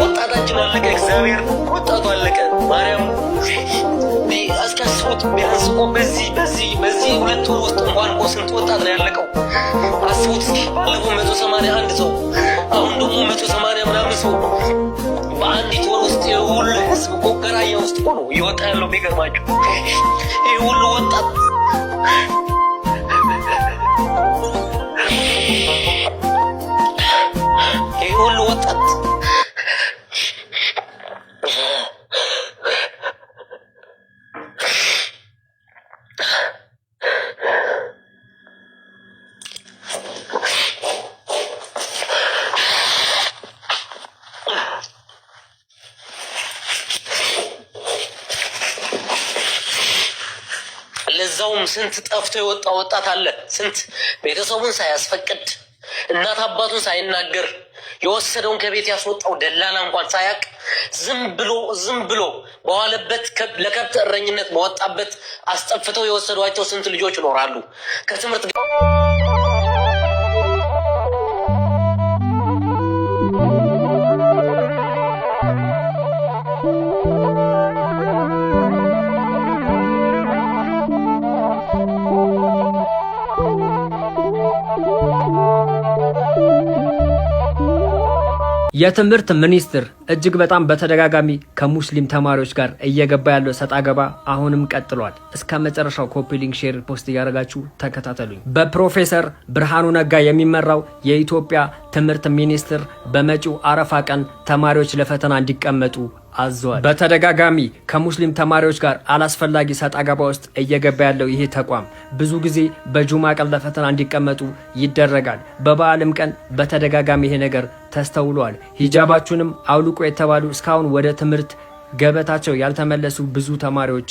ወጣታችን አለቀ። እግዚአብሔር ወጣቱ አለቀ። ማርያም አስካስቡት ቢያንስ እኮ በዚህ በዚህ በዚህ ሁለት ወር ውስጥ እንኳን እኮ ስንት ወጣት ነው ያለቀው? አስቡት እስኪ ባለፈው መቶ ሰማንያ አንድ ሰው አሁን ደግሞ መቶ ሰማንያ ምናምን ሰው በአንዲት ወር ውስጥ የሁሉ ህዝብ እኮ ገራያ ውስጥ ነው እየወጣ ያለው ቢገርማቸው ይህ ሁሉ ወጣት ይህ ሁሉ ወጣት በዛውም ስንት ጠፍቶ የወጣ ወጣት አለ። ስንት ቤተሰቡን ሳያስፈቅድ እናት አባቱን ሳይናገር የወሰደውን ከቤት ያስወጣው ደላላ እንኳን ሳያቅ ዝም ብሎ ዝም ብሎ በዋለበት ለከብት እረኝነት በወጣበት አስጠፍተው የወሰዷቸው ስንት ልጆች ይኖራሉ ከትምህርት የትምህርት ሚኒስትር እጅግ በጣም በተደጋጋሚ ከሙስሊም ተማሪዎች ጋር እየገባ ያለው ሰጣ ገባ አሁንም ቀጥሏል። እስከ መጨረሻው ኮፒሊንግ ሼር ፖስት እያደረጋችሁ ተከታተሉኝ። በፕሮፌሰር ብርሃኑ ነጋ የሚመራው የኢትዮጵያ ትምህርት ሚኒስትር በመጪው አረፋ ቀን ተማሪዎች ለፈተና እንዲቀመጡ አዘዋል። በተደጋጋሚ ከሙስሊም ተማሪዎች ጋር አላስፈላጊ ሰጣ ገባ ውስጥ እየገባ ያለው ይሄ ተቋም ብዙ ጊዜ በጁማ ቀን ለፈተና እንዲቀመጡ ይደረጋል። በበዓልም ቀን በተደጋጋሚ ይሄ ነገር ተስተውሏል። ሂጃባችሁንም አውልቆ የተባሉ እስካሁን ወደ ትምህርት ገበታቸው ያልተመለሱ ብዙ ተማሪዎች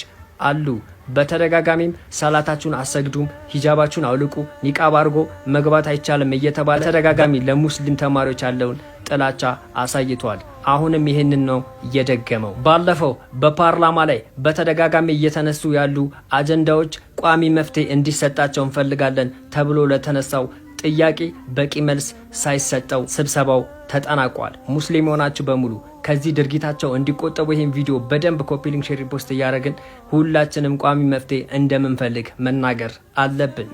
አሉ። በተደጋጋሚም ሰላታችሁን አሰግዱም፣ ሂጃባችሁን አውልቁ፣ ኒቃብ አድርጎ መግባት አይቻልም እየተባለ በተደጋጋሚ ለሙስሊም ተማሪዎች ያለውን ጥላቻ አሳይቷል። አሁንም ይህንን ነው እየደገመው። ባለፈው በፓርላማ ላይ በተደጋጋሚ እየተነሱ ያሉ አጀንዳዎች ቋሚ መፍትሄ እንዲሰጣቸው እንፈልጋለን ተብሎ ለተነሳው ጥያቄ በቂ መልስ ሳይሰጠው ስብሰባው ተጠናቋል። ሙስሊም የሆናችሁ በሙሉ ከዚህ ድርጊታቸው እንዲቆጠቡ ይህን ቪዲዮ በደንብ ኮፒሊንግ ሼሪ ፖስት እያደረግን ሁላችንም ቋሚ መፍትሄ እንደምንፈልግ መናገር አለብን።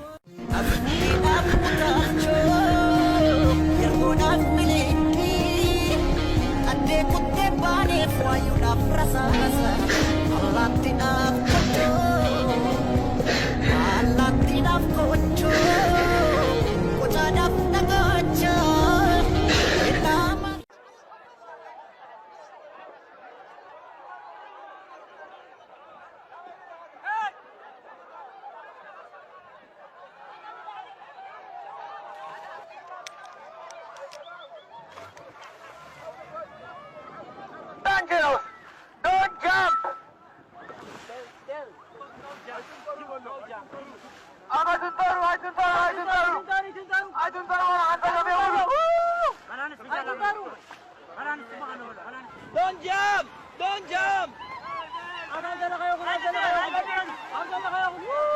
still. Don't jump. Still, not jump. Daru, Aydın Daru, Aydın Daru. Aydın Don't jump! Don't jump!